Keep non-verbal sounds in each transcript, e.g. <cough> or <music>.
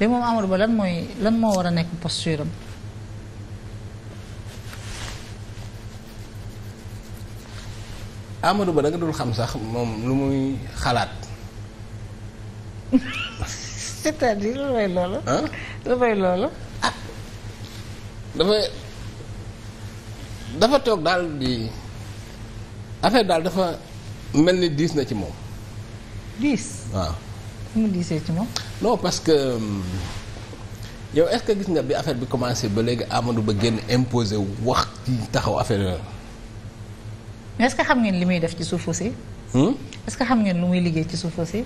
léegi moom Amadou Ba lan mooy lan moo war a nekk posture am Ba da nga dul xam sax moom lu muy xalaat. <laughs> c'est-à-dire lu may loolu. lu may loolu. ah dafa dafa toog daal di affaire daal dafa mel ni diis na ci moom. diis waaw. mu gisee ci moom. non parce que euh, yow est-ce que gis nga bi affaire bi commencé ba léegi Amadou Ba génn imposé wax ci taxaw affaire yooyu. est-ce que xam ngeen li muy def ci suuf si hmm? est que xam ngeen lu muy liggéey ci suuf aussi.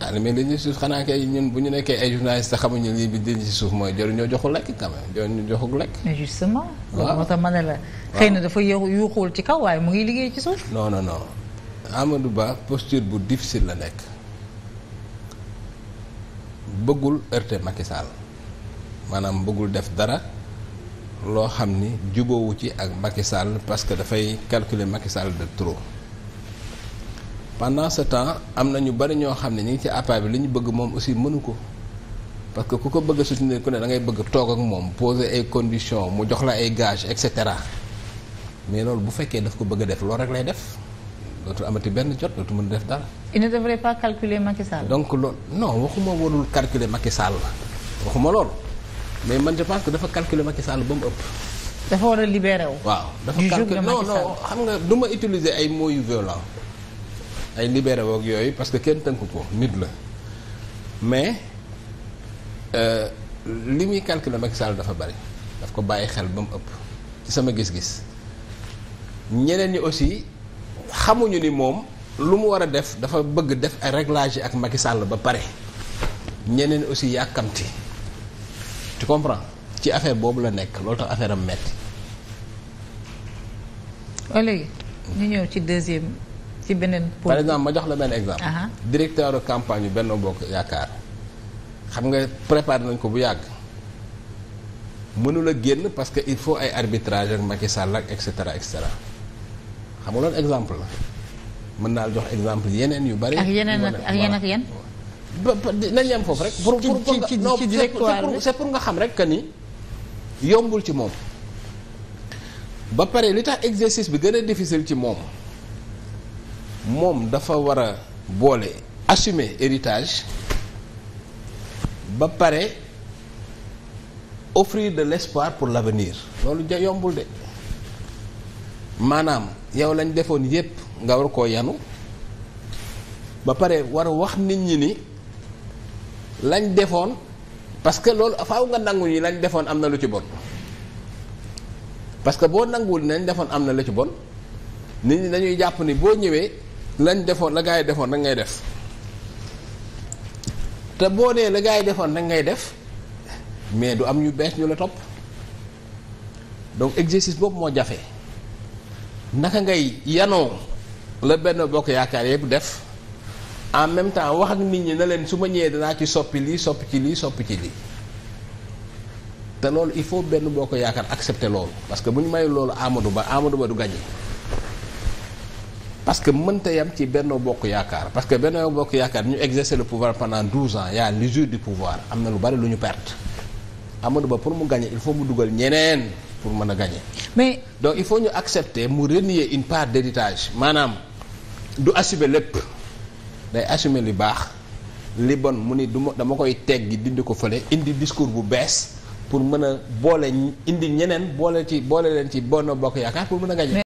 ah mais dañuy suuf xanaa kay ñun bu ñu nekkee ay journaliste sax xamuñu lii bi dañuy suuf mooy jëriñ ñoo joxul lekk quand même jëriñ ñu joxul lekk. mais justement. waaw moo tax ma la. xëy na dafa yuuxul ci kaw waaye mu ngi liggéey ci suuf. non non non Ba posture bu difficile la nekk. bëggul heurter Macky maanaam bëggul def dara loo xam ni jubóowu ci ak Macky Sall parce que dafay calculer Macky de trop pendant ce temps am na ñu bari ñoo xam ne ñu ngi ci appât bi li ñu bëgg moom aussi mënu ko parce que ku ko bëgg a soutenir ku ne da ngay bëgg toog ak moom poser ay conditions mu jox la ay gages et cetera mais loolu bu fekkee daf ko bëgg a def loolu rek lay def. dootul amati benn jot dootul def dara. il ne devrait pas calculer Macky Sall. donc loolu non waxuma warul calculer Macky Sall waxuma loolu mais man je pense que dafa calculer Macky Sall ba mu ëpp. dafa war a libéré waaw dafa calculer non non xam nga du ma ay mots yu violents ay yooyu parce que kenn tënku ko nit la mais euh, li muy calculer Macky Sall dafa bari daf ko bàyyi xel ba mu ëpp ci sama gis-gis ñeneen yi aussi. xamuñu ni moom lu mu war a def dafa bëgg def ay réglage ak Macky Sall ba pare ñeneen aussi yàkkamti tu comprends ci affaire boobu la nekk loolu tax affaire am metti oh, léegi ñu ñëw ci deuxième ci beneen. par exemple ma jox la benn exemple. Uh-huh. directeur de campagne yu Benno Bokk Yaakaar xam nga préparé nañ ko bu yàgg mënula génn parce que il faut ay arbitrage ak Macky Sall ak et cetera et xam nga loolu exemple la mën naa jox exemple yeneen yu bari. ak yeneen ak yeneen ak yenn. nañ yem foofu rek. pour pour pour c'est pour nga xam rek que ni yombul ci moom. ba pare li tax exercice bi gën a difficile ci moom moom dafa war a boole assumer héritage ba pare offrir de l'espoir pour l'avenir loolu ja yombul de. maanaam yow lañ defoon yépp nga war koo yanu ba pare war a wax nit ñi ni lañ defoon parce que loolu faaw nga nangu ni lañ defoon am na lu ci bon parce que boo nanguwul ni defoon am na lu ci bon nit ñi dañuy jàpp ni boo ñëwee lañ defoon la gaa yi defoon rek ngay def te boo nee la gaa yi defoon rek ngay def mais du am ñu bees ñu la topp donc exercice boobu moo jafe. naka ngay yanoo la benn bokk yaakaar yëpp def en même temps wax ak nit ñi na leen su ma ñëwee danaa ci soppi lii soppi ci lii soppi ci lii te loolu il faut benn bokk yaakaar accepter loolu parce que bu ñu may loolu Amadou Ba Amadou Ba du gagné parce que mënta yam ci Benno Bokk Yaakaar parce que Benno Bokk Yaakaar ñu exercer le pouvoir pendant 12 ans yaa l'usure du pouvoir am na lu bari lu ñu perte Amadou Ba pour mu gagné il faut mu dugal ñeneen pour mën a gagner. mais donc il faut ñu accepter mu renier une part d'héritage maanaam du assumer lépp day assumer li baax li bon mu ni du ma dama koy teg gi dindi ko fële indi discours bu bees pour mën a boole indi ñeneen boole ci boole leen ci Benno Bokk Yaakaar pour mën a gagner.